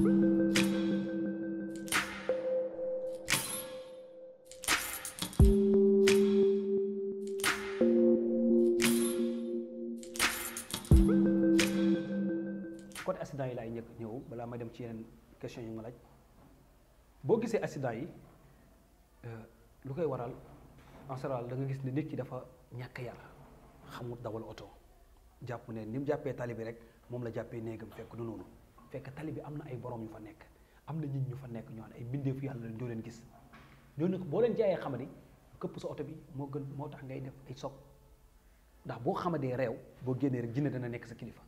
côté accident yi laay njëkk ñëw balaa may dem ci yeneen question yu ma laaj boo gisee accident yi euh, lu koy waral en général da nga gis ne nit ki dafa ñàkk yar xamut dawal oto jàpp ne ni mu jàppee tali bi rek moom la jàppee néegam fekk du noonu fekk tali bi am na ay boroom ñu fa nekk am na nit ñu fa nekk ñoo xam ne ay mbindeefu yàlla doo leen gis ñooñu nag boo leen jaayee xamadi këpp sa oto bi moo gën moo tax ngay def ay soog ndax boo xamadee réew boo génnee rek jinne dana nekk sa kilifa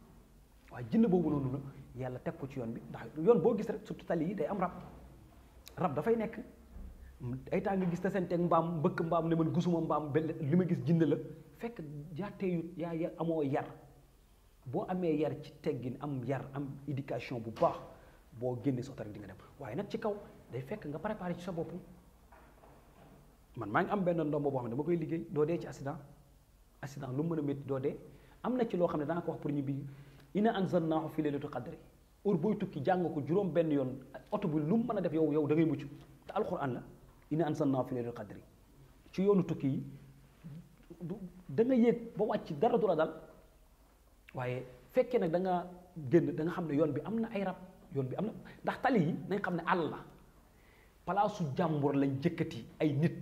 waaye jinne boobu noonu yàlla teg ko ci yoon bi ndax yoon boo gis rek surtout tali yi day am rab rab dafay nekk ay temps nga gis te seen teg mbaam mbëkk mbaam ne man gisuma mbaam benn li ma gis jinne la fekk jaatee yu yaa ya amoo yar boo amee yar ci teggin am yar am éducation bu baax boo génnee sa oto rek di nga dem waaye nag ci kaw day fekk nga préparé ci sa bopp man maa ngi am benn ndombo boo xam ne dama koy liggéey doo dee ci accident accident lu mu mën a métti doo dee am na ci loo xam ne danga ko wax pour ñu bi ina anzalnaahu fi laylatul qadri our booy tukki jàng ko juróom benn yoon oto bi lu mu mën a def yow yow da ngay mucc te alquran la ina anzalnaahu fi laylatul qadri ci yoonu tukki yi da nga yéeg ba wàcc dara du la waaye fekkee nag danga nga génn da xam ne yoon bi am na ay rab yoon bi am na ndax tali yi nañ xam ne àll la palaasu jàmbur lañ jëkkati ay nit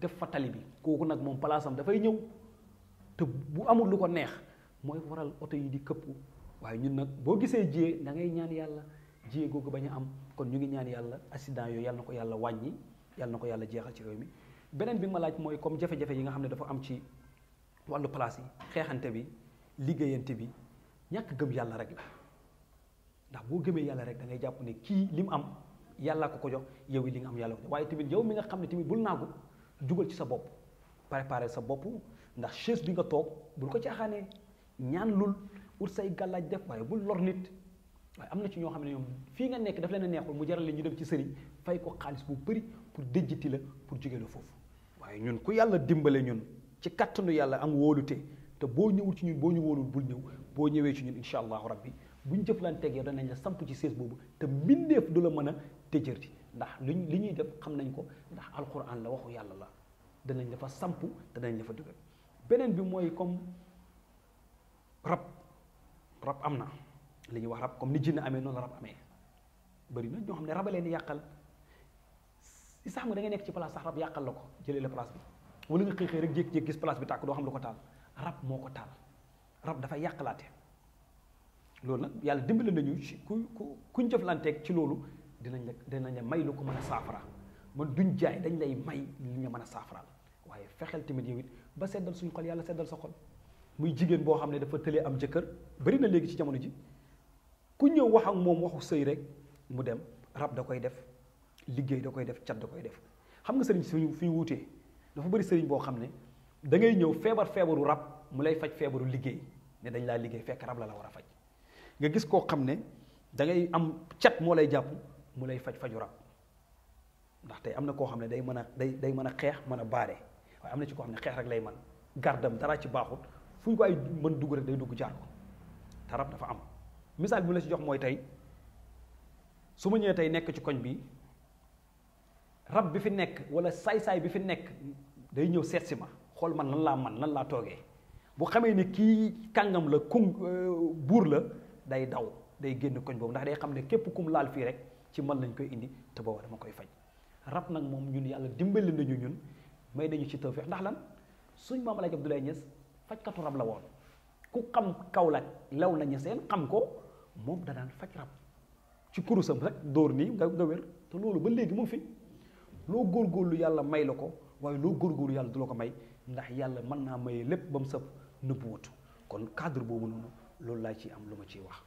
def fa tali bi kooku nag moom palaasam dafay ñëw te bu amul lu ko neex mooy waral oto yi di këpp waaye ñun nag boo gisee jiyee da ngay ñaan yàlla jiyee googu bañ a am kon ñu ngi ñaan yàlla accident yooyu yàlla na ko yàlla wàññi yàlla na ko yàlla jeexal ci réew mi beneen bi ma laaj mooy comme jafe-jafe yi nga xam ne dafa am ci wàllu place yi xeexante bi liggéeyante bi ñàkk gëm yàlla rek la ndax boo gëmee yàlla rek da ngay jàpp ne kii li mu am yàlla ko ko jox yow yi li nga am yàlla ko jox waaye tamit yow mi nga xam ne tamit bul naagu jugal ci sa bopp préparer sa bopp ndax chaise bi nga toog bul ko caaxaanee ñaan lul ut say gàllaaj def waaye bul lor nit waaye am na ci ñoo xam ne ñoom fii nga nekk daf leen a neexul mu jaral leen ñu dem ci sëriñ fay ko xaalis bu bari pour déjjiti la pour jóge la foofu waaye ñun ku yàlla dimbale ñun ci kattanu yàlla am wóolute te boo ñëwul ci ñun boo ñu wóolul bul ñëw boo ñëwee ci ñun incha allahu rabbi bu ñu jëflanteeg yow danañ la samp ci sees boobu te mbindeef du la mën a tëjërti ndax luñ li ñuy def xam nañ ko ndax alquran la waxu yàlla la danañ la fa samp te danañ la dugal beneen bi mooy comme rab rab am na li ñuy wax rab comme ni jinne amee noonu rab amee bëri na ñoo xam ne rab a leen yàqal sax nga da nga nekk ci place sax rab yàqal la ko jëlee la place bi wala nga xëy xëy rek gis place bi tàkk doo xam ko taal rab moo ko taal rab dafa yàqalaate loolu nag yàlla dimbale nañu ci ku ku kuñ jëflanteeg ci loolu dinañ la dinañ la may lu ko mën a saafara man duñ jaay dañ lay may lu ñu mën a saafaraal waaye fexeel tamit yow it ba seddal suñu xol yàlla seddal sa xol muy jigéen boo xam ne dafa tëlee am jëkkër bari na léegi ci jamono ji ku ñëw wax ak moom waxu sëy rek mu dem rab da koy def liggéey da koy def cat da koy def xam nga sëriñ suñu fi ñu wutee dafa bari sëriñ boo xam ne da ngay ñëw feebar feebaru rab mu lay faj feebaru liggéey ne dañ laa liggéey fekk rab la la war a faj nga gis koo xam ne da ngay am cat moo lay jàpp mu lay faj faju rab ndax tey am na koo xam ne day mën a day day mën a xeex mën a baare waaye am na ci ko xam ne xeex rek lay man gardam dara ci baaxul fu ñu ko ay mën dugg rek day dugg jaar ko te rab dafa am misaal bi mu la ci jox mooy tey su ma ñëwee tey nekk ci koñ bi rab bi fi nekk wala saay-saay bi fi nekk day ñëw seet xool man lan laa man lan laa toogee bu xamee ni kii kàngam la kum euh, buur la day daw day génn koñ boobu ndax day xam ne képp kum laal fii rek ci man lañ koy indi te booba dama koy faj rab nag moom ñun yàlla dimbali nañu ñun may nañu ci tawfeex ndax lan suñ maam Alaaji Abdoulaye Niass fajkatu rab la woon ku xam Kaolack lew na seen xam ko moom danaan faj rab ci kurusam rek dóor nii nga nga wér te loolu ba léegi mu fi loo góor góorgóorlu yàlla may la ko waaye loo góorgóorlu yàlla du la ko may ndax yàlla mën naa maye lépp ba mu sëpp nëbbuwut kon cadre boobu noonu loolu laa ciy am lu ma ciy wax.